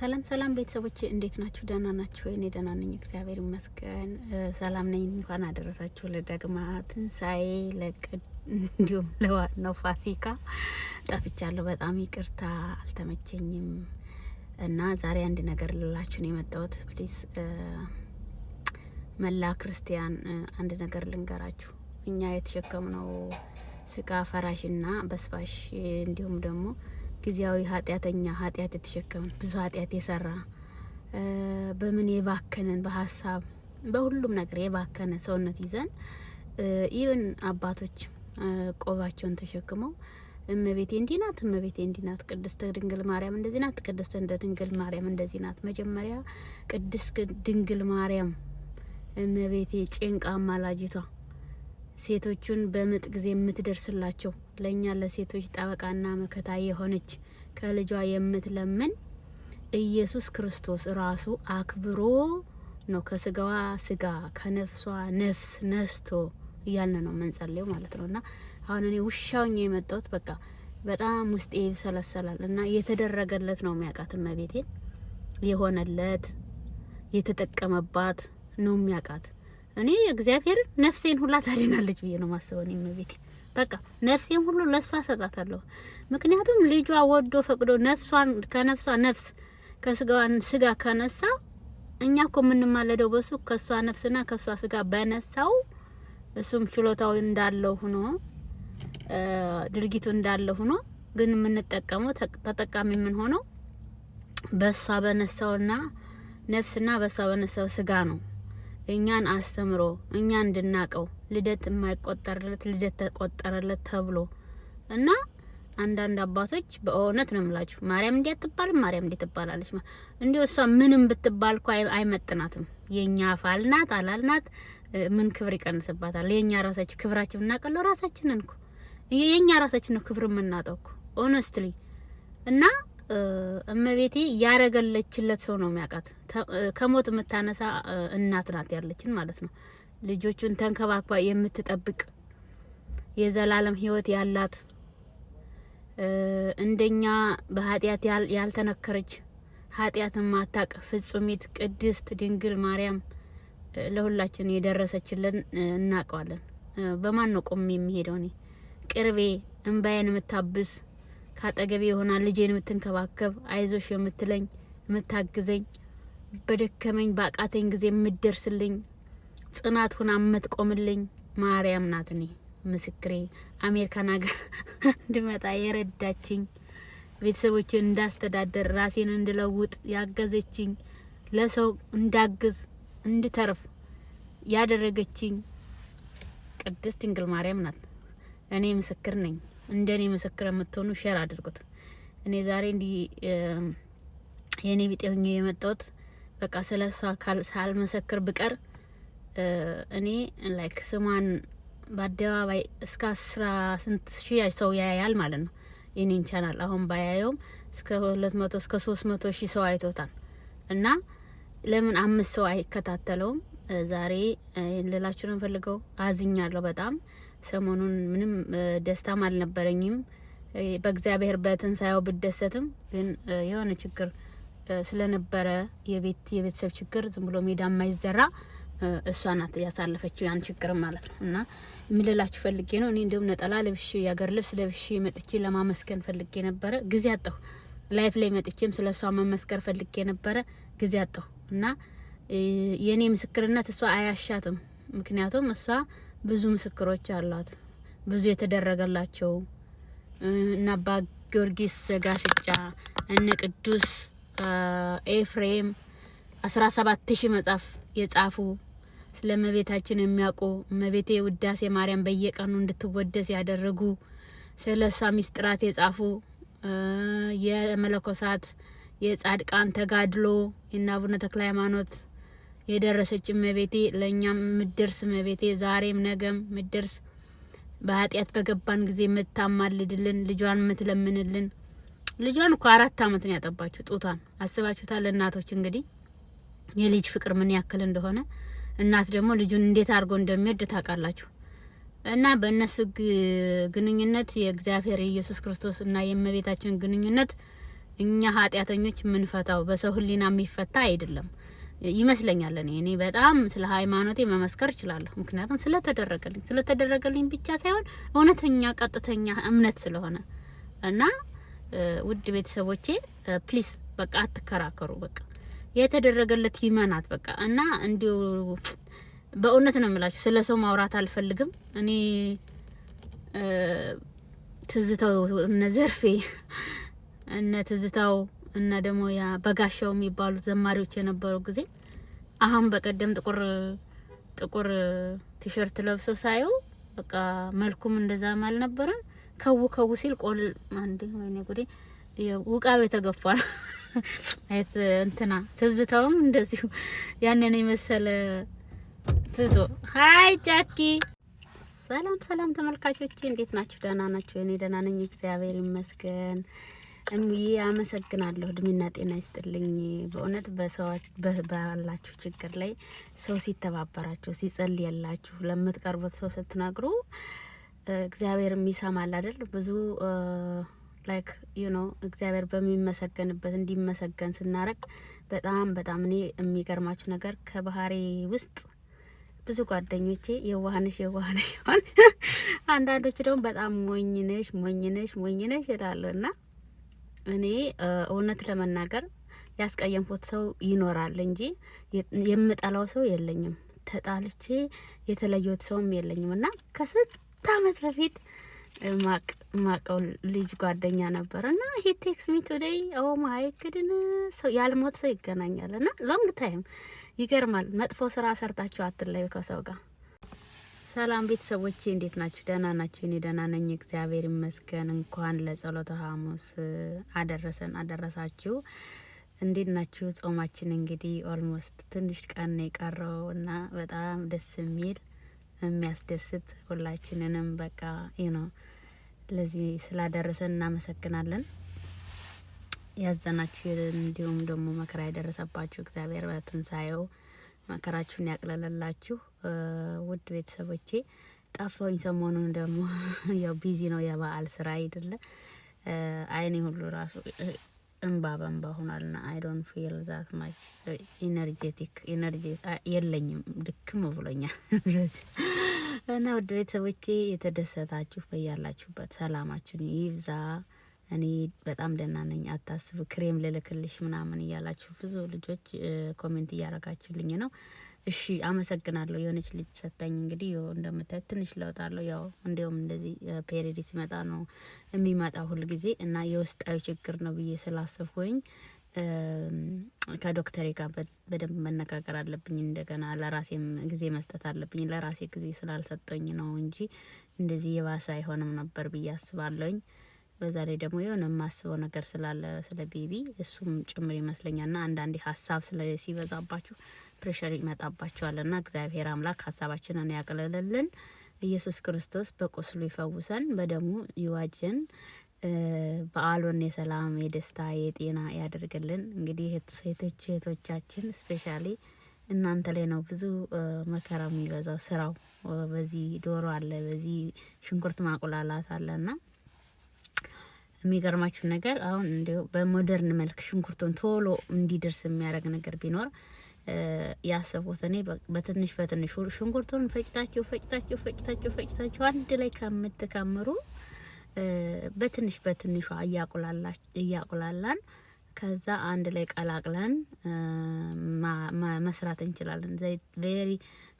ሰላም ሰላም ቤተሰቦች እንዴት ናችሁ? ደህና ናችሁ ወይ? እኔ ደህና ነኝ፣ እግዚአብሔር ይመስገን ሰላም ነኝ። እንኳን አደረሳችሁ ለዳግማ ትንሳኤ ለቅ እንዲሁም ለዋናው ፋሲካ። ጠፍቻለሁ፣ በጣም ይቅርታ አልተመቸኝም። እና ዛሬ አንድ ነገር ልላችሁ ነው የመጣሁት። ፕሊስ መላ ክርስቲያን አንድ ነገር ልንገራችሁ። እኛ የተሸከምነው ስቃ ፈራሽና በስባሽ እንዲሁም ደግሞ ጊዜያዊ ኃጢአተኛ ኃጢአት የተሸከምን ብዙ ኃጢአት የሰራ በምን የባከንን በሀሳብ በሁሉም ነገር የባከነ ሰውነት ይዘን ኢቨን አባቶች ቆባቸውን ተሸክመው እመቤቴ እንዲህ ናት፣ እመቤቴ እንዲህ ናት፣ ቅድስተ ድንግል ማርያም እንደዚህ ናት፣ ቅድስተ ድንግል ማርያም እንደዚህ ናት። መጀመሪያ ቅድስት ድንግል ማርያም እመቤቴ ጭንቃ አማላጅቷ ሴቶቹን በምጥ ጊዜ የምትደርስላቸው ለእኛ ለሴቶች ጠበቃና መከታ የሆነች ከልጇ የምትለምን ኢየሱስ ክርስቶስ ራሱ አክብሮ ነው ከስጋዋ ስጋ ከነፍሷ ነፍስ ነስቶ እያልን ነው የምንጸልየው ማለት ነው። እና አሁን እኔ ውሻውኛ የመጣሁት በቃ በጣም ውስጤ ይብሰለሰላል። እና የተደረገለት ነው የሚያውቃት እመቤቴን የሆነለት የተጠቀመባት ነው የሚያውቃት እኔ እግዚአብሔር ነፍሴን ሁላ ታድናለች ብዬ ነው ማስበው። እኔ ቤቴ በቃ ነፍሴን ሁሉ ለእሷ ሰጣታለሁ። ምክንያቱም ልጇ ወዶ ፈቅዶ ነፍሷን ከነፍሷ ነፍስ ከስጋዋን ስጋ ከነሳ እኛ እኮ የምንማለደው በሱ ከእሷ ነፍስና ከእሷ ስጋ በነሳው እሱም ችሎታው እንዳለው ሆኖ ድርጊቱ እንዳለ ሆኖ ግን የምንጠቀመው ተጠቃሚ የምንሆነው በእሷ በነሳውና ነፍስና በእሷ በነሳው ስጋ ነው። እኛን አስተምሮ እኛን እንድናቀው ልደት የማይቆጠርለት ልደት ተቆጠረለት ተብሎ እና አንዳንድ አባቶች በእውነት ነው የምላችሁ፣ ማርያም እንዲህ አትባልም፣ ማርያም እንዲህ ትባላለች። እንዲሁ እሷ ምንም ብትባል እኮ አይመጥናትም። የእኛ አፋልናት አላልናት ምን ክብር ይቀንስባታል? የእኛ ራሳችን ክብራችን እናቀለው ራሳችንን እኮ የእኛ ራሳችን ነው ክብር የምናጠው እኮ ኦነስትሊ እና እመቤቴ ያረገለችለት ሰው ነው የሚያውቃት። ከሞት የምታነሳ እናት ናት ያለችን ማለት ነው። ልጆቹን ተንከባክባ የምትጠብቅ የዘላለም ህይወት ያላት እንደኛ በኃጢአት ያልተነከረች ኃጢአትን ማታቅ ፍጹሚት ቅድስት ድንግል ማርያም ለሁላችን የደረሰችልን እናውቀዋለን። በማን ነው ቆም የሚሄደው? እኔ ቅርቤ እንባዬን የምታብስ ካጠገቤ የሆና ልጄን የምትንከባከብ አይዞሽ የምትለኝ የምታግዘኝ በደከመኝ በአቃተኝ ጊዜ የምደርስልኝ ጽናት ሁና የምትቆምልኝ ማርያም ናት። እኔ ምስክሬ አሜሪካን ሀገር እንድመጣ የረዳችኝ፣ ቤተሰቦችን እንዳስተዳደር ራሴን እንድለውጥ ያገዘችኝ፣ ለሰው እንዳግዝ እንድተርፍ ያደረገችኝ ቅድስት ድንግል ማርያም ናት። እኔ ምስክር ነኝ። እንደኔ ምስክር የምትሆኑ ሼር አድርጉት። እኔ ዛሬ እንዲህ የእኔ ቢጤ ሆኜ የመጣሁት በቃ ስለ እሷ ሳልመሰክር ብቀር እኔ ላይክ ስሟን በአደባባይ እስከ አስራ ስንት ሺህ ሰው ያያል ማለት ነው የኔን ቻናል አሁን ባያየውም እስከ ሁለት መቶ እስከ ሶስት መቶ ሺህ ሰው አይቶታል እና ለምን አምስት ሰው አይከታተለውም? ዛሬ ልላችሁ ነው ፈልገው አዝኛለሁ በጣም ሰሞኑን ምንም ደስታም አልነበረኝም። በእግዚአብሔር በትንሳኤው ብደሰትም ግን የሆነ ችግር ስለነበረ የቤት የቤተሰብ ችግር ዝም ብሎ ሜዳ የማይዘራ እሷ ናት ያሳለፈችው ያን ችግር ማለት ነው። እና የምልላችሁ ፈልጌ ነው። እኔ እንዲሁም ነጠላ ለብሼ የአገር ልብስ ለብሼ መጥቼ ለማመስገን ፈልጌ ነበረ፣ ጊዜ አጣሁ። ላይፍ ላይ መጥቼም ስለ እሷ መመስከር ፈልጌ ነበረ፣ ጊዜ አጣሁ። እና የእኔ ምስክርነት እሷ አያሻትም፣ ምክንያቱም እሷ ብዙ ምስክሮች አሏት። ብዙ የተደረገላቸው እነ አባ ጊዮርጊስ ጋስጫ፣ እነ ቅዱስ ኤፍሬም አስራ ሰባት ሺህ መጽሐፍ የጻፉ ስለ እመቤታችን የሚያውቁ እመቤቴ ውዳሴ ማርያም በየቀኑ እንድትወደስ ያደረጉ ስለ እሷ ሚስጥራት የጻፉ የመለኮሳት የጻድቃን ተጋድሎ የእነ ተክለ ሃይማኖት የደረሰች እመቤቴ ለእኛም ምደርስ እመቤቴ ዛሬም ነገም ምደርስ በኃጢአት በገባን ጊዜ የምታማልድልን ልጇን የምትለምንልን ልጇን እኮ አራት አመት ነው ያጠባችሁ ጡቷን አስባችሁታል እናቶች እንግዲህ የልጅ ፍቅር ምን ያክል እንደሆነ እናት ደግሞ ልጁን እንዴት አድርጎ እንደሚወድ ታውቃላችሁ እና በእነሱ ግንኙነት የእግዚአብሔር የኢየሱስ ክርስቶስ እና የእመቤታችን ግንኙነት እኛ ኃጢአተኞች ምንፈታው በሰው ህሊና የሚፈታ አይደለም ይመስለኛል። እኔ እኔ በጣም ስለ ሃይማኖቴ መመስከር እችላለሁ። ምክንያቱም ስለተደረገልኝ ስለተደረገልኝ ብቻ ሳይሆን እውነተኛ ቀጥተኛ እምነት ስለሆነ እና ውድ ቤተሰቦቼ ፕሊስ በቃ አትከራከሩ። በቃ የተደረገለት ይመናት በቃ እና እንዲሁ በእውነት ነው የምላችሁ። ስለ ሰው ማውራት አልፈልግም እኔ ትዝተው እነ ዘርፌ እነ ትዝተው እና ደግሞ ያ በጋሻው የሚባሉ ዘማሪዎች የነበሩ ጊዜ አሁን በቀደም ጥቁር ጥቁር ቲሸርት ለብሶ ሳየው በቃ መልኩም እንደዛም አልነበረም። ከው ከው ሲል ቆል አንዴ ወይኔ ጉዴ ውቃቤ ተገፏል። አይት እንትና ትዝታውም እንደዚሁ ያንን የመሰለ ትቶ ሀይ ጃኪ ሰላም ሰላም ተመልካቾቼ እንዴት ናችሁ? ደህና ናችሁ? እኔ ደህና ነኝ፣ እግዚአብሔር ይመስገን። እምዬ አመሰግናለሁ። እድሜና ጤና ይስጥልኝ። በእውነት በሰዎች ባላችሁ ችግር ላይ ሰው ሲተባበራችሁ ሲጸልይላችሁ ለምትቀርቡት ሰው ስትነግሩ እግዚአብሔር የሚሰማል አይደል? ብዙ ላይክ ዩ ኖ እግዚአብሔር በሚመሰገንበት እንዲመሰገን ስናረግ በጣም በጣም እኔ የሚገርማችሁ ነገር ከባህሬ ውስጥ ብዙ ጓደኞቼ የዋህነሽ የዋህነሽ ሆን አንዳንዶች ደግሞ በጣም ሞኝነሽ ሞኝነሽ ሞኝነሽ ይላሉ እና እኔ እውነት ለመናገር ያስቀየምኩት ሰው ይኖራል እንጂ የምጠላው ሰው የለኝም። ተጣልቼ የተለየሁት ሰውም የለኝም እና ከስንት አመት በፊት ማቀው ልጅ ጓደኛ ነበር እና ሂ ቴክስ ሚ ቱዴይ ኦ ማይ ክድን ሰው ያልሞት ሰው ይገናኛል እና ሎንግ ታይም ይገርማል። መጥፎ ስራ ሰርታችሁ አትለዩ ከሰው ጋር ሰላም ቤተሰቦቼ እንዴት ናችሁ? ደህና ናችሁ? እኔ ደህና ነኝ፣ እግዚአብሔር ይመስገን። እንኳን ለጸሎተ ሐሙስ አደረሰን አደረሳችሁ። እንዴት ናችሁ? ጾማችን እንግዲህ ኦልሞስት ትንሽ ቀን የቀረው እና በጣም ደስ የሚል የሚያስደስት ሁላችንንም በቃ ነው። ለዚህ ስላደረሰን እናመሰግናለን። ያዘናችሁ እንዲሁም ደግሞ መከራ የደረሰባችሁ እግዚአብሔር በትንሳኤው መከራችሁን ያቅለለላችሁ ውድ ቤተሰቦቼ። ጠፋሁኝ ሰሞኑን ደግሞ ያው ቢዚ ነው የበዓል ስራ አይደለ። አይኔ ሁሉ ራሱ እንባ በንባ ሆኗል። ና አይ ዶንት ፊል ዛት ማች ኢነርጄቲክ ኢነርጂ የለኝም፣ ድክም ብሎኛል። እና ውድ ቤተሰቦቼ የተደሰታችሁ በያላችሁበት ሰላማችሁን ይብዛ። እኔ በጣም ደህና ነኝ አታስብ፣ ክሬም ልልክልሽ ምናምን እያላችሁ ብዙ ልጆች ኮሜንት እያረጋችሁልኝ ነው። እሺ አመሰግናለሁ። የሆነች ልጅ ሰጠኝ። እንግዲህ እንደምታዩት ትንሽ ለውጥ አለው። ያው እንዲሁም እንደዚህ ፔሪድ ሲመጣ ነው የሚመጣ ሁል ጊዜ እና የውስጣዊ ችግር ነው ብዬ ስላሰብኩኝ ከዶክተሬ ጋር በደንብ መነጋገር አለብኝ። እንደገና ለራሴም ጊዜ መስጠት አለብኝ። ለራሴ ጊዜ ስላልሰጠኝ ነው እንጂ እንደዚህ የባሰ አይሆንም ነበር ብዬ አስባለሁኝ። በዛ ላይ ደግሞ የሆነ የማስበው ነገር ስላለ ስለ ቤቢ እሱም ጭምር ይመስለኛል። ና አንዳንዴ ሀሳብ ሲበዛባችሁ ፕሬሽር ይመጣባችኋል። ና እግዚአብሔር አምላክ ሀሳባችንን ያቅልልልን። ኢየሱስ ክርስቶስ በቁስሉ ይፈውሰን፣ በደሙ ይዋጅን። በዓሉን የሰላም የደስታ የጤና ያደርግልን። እንግዲህ ሴቶች እህቶቻችን ስፔሻሊ እናንተ ላይ ነው ብዙ መከራ የሚበዛው ስራው። በዚህ ዶሮ አለ፣ በዚህ ሽንኩርት ማቁላላት አለ ና የሚገርማችሁ ነገር አሁን እንዲሁ በሞደርን መልክ ሽንኩርቱን ቶሎ እንዲደርስ የሚያደርግ ነገር ቢኖር ያሰቡት እኔ በትንሽ በትንሹ ሽንኩርቱን ፈጭታችሁ ፈጭታችሁ ፈጭታችሁ ፈጭታችሁ አንድ ላይ ከምትከምሩ በትንሽ በትንሿ እያቁላላን ከዛ አንድ ላይ ቀላቅለን መስራት እንችላለን። ቬሪ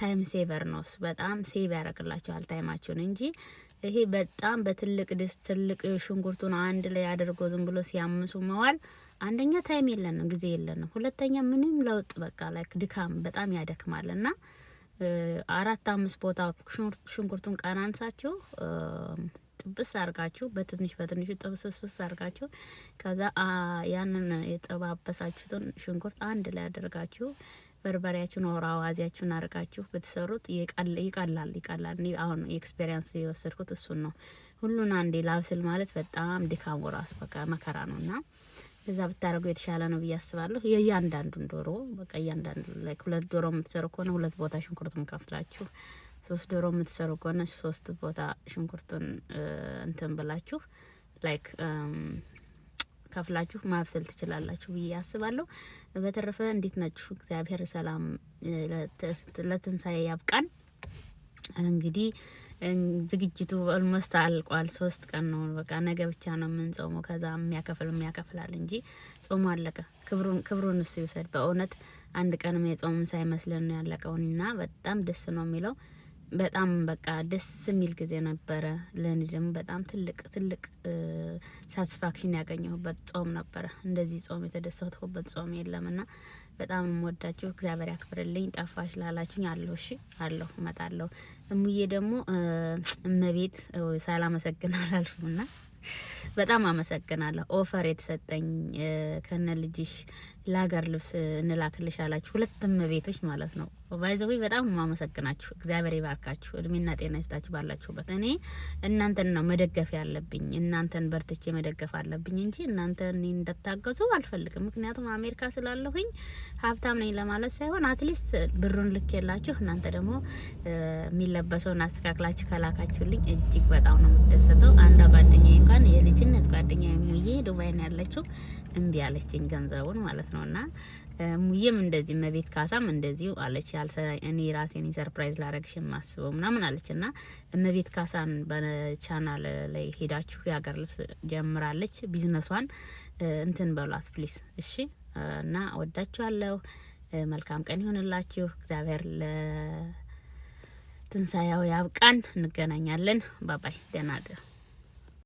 ታይም ሴቨር ነው። በጣም ሴቭ ያደርግላችኋል ታይማችሁን እንጂ ይሄ በጣም በትልቅ ድስት ትልቅ ሽንኩርቱን አንድ ላይ አድርጎ ዝም ብሎ ሲያምሱ መዋል አንደኛ ታይም የለንም፣ ጊዜ የለንም። ሁለተኛ ምንም ለውጥ በቃ ላይክ ድካም በጣም ያደክማል እና አራት አምስት ቦታ ሽንኩርቱን ቀናንሳችሁ ጥብስ አርጋችሁ በትንሽ በትንሹ ጥብስብስ አርጋችሁ ከዛ ያንን የጠባበሳችሁትን ሽንኩርት አንድ ላይ አድርጋችሁ በርበሬያችሁን ወራ አዋዚያችሁን አርጋችሁ ብትሰሩት ይቀላል ይቀላል። እኔ አሁን ኤክስፔሪንስ የወሰድኩት እሱን ነው። ሁሉን አንዴ ላብስል ማለት በጣም ድካሙ ራሱ በቃ መከራ ነው እና እዛ ብታደርጉ የተሻለ ነው ብዬ አስባለሁ። የእያንዳንዱን ዶሮ በቃ እያንዳንዱ ላይ ሁለት ዶሮ የምትሰሩ ከሆነ ሁለት ቦታ ሽንኩርቱን ከፍላችሁ፣ ሶስት ዶሮ የምትሰሩ ከሆነ ሶስት ቦታ ሽንኩርቱን እንትን ብላችሁ ላይክ ከፍላችሁ ማብሰል ትችላላችሁ ብዬ አስባለሁ። በተረፈ እንዴት ናችሁ? እግዚአብሔር ሰላም ለትንሳኤ ያብቃን። እንግዲህ ዝግጅቱ ኦልሞስት አልቋል። ሶስት ቀን ነው በቃ ነገ ብቻ ነው የምንጾመው። ከዛ የሚያከፍል የሚያከፍላል እንጂ ጾሙ አለቀ። ክብሩን እሱ ይውሰድ። በእውነት አንድ ቀንም የጾምም ሳይመስለን ያለቀውና በጣም ደስ ነው የሚለው በጣም በቃ ደስ የሚል ጊዜ ነበረ። ለእኔ ደግሞ በጣም ትልቅ ትልቅ ሳቲስፋክሽን ያገኘሁበት ጾም ነበረ። እንደዚህ ጾም የተደሰትኩበት ጾም የለም እና በጣም የምወዳችሁ እግዚአብሔር ያክብርልኝ። ጠፋሽ ላላችሁኝ አለሁ፣ እሺ አለሁ፣ እመጣለሁ። እሙዬ ደግሞ እመቤት ሳላመሰግን አላልፍም ና በጣም አመሰግናለሁ። ኦፈር የተሰጠኝ ከነ ልጅሽ ለሀገር ልብስ እንላክልሽ አላችሁ ሁለት እመቤቶች ማለት ነው ባይዘዌ በጣም ነው ማመሰግናችሁ። እግዚአብሔር ይባርካችሁ፣ እድሜና ጤና ይስጣችሁ ባላችሁበት። እኔ እናንተን ነው መደገፍ ያለብኝ፣ እናንተን በርትቼ መደገፍ አለብኝ እንጂ እናንተን እንደታገዙ አልፈልግም። ምክንያቱም አሜሪካ ስላለሁኝ ሀብታም ነኝ ለማለት ሳይሆን አትሊስት ብሩን ልክ የላችሁ እናንተ ደግሞ የሚለበሰውን አስተካክላችሁ ከላካችሁልኝ እጅግ በጣም ነው የምደሰተው። አንዷ ጓደኛ እንኳን የልጅነት ጓደኛ ሙዬ ዱባይን ያለችው፣ እምቢ አለችኝ ገንዘቡን ማለት ነውና ሙዬም እንደዚህ መቤት ካሳም እንደዚሁ አለች። እኔ ራሴን ሰርፕራይዝ ላረግሽ የማስበው ምናምን አለች እና እመቤት ካሳን በቻናል ላይ ሄዳችሁ የሀገር ልብስ ጀምራለች። ቢዝነሷን እንትን በሏት ፕሊስ እሺ። እና ወዳችኋለሁ። መልካም ቀን ይሁንላችሁ። እግዚአብሔር ለትንሳኤው ያብቃን። እንገናኛለን። ባባይ ደህና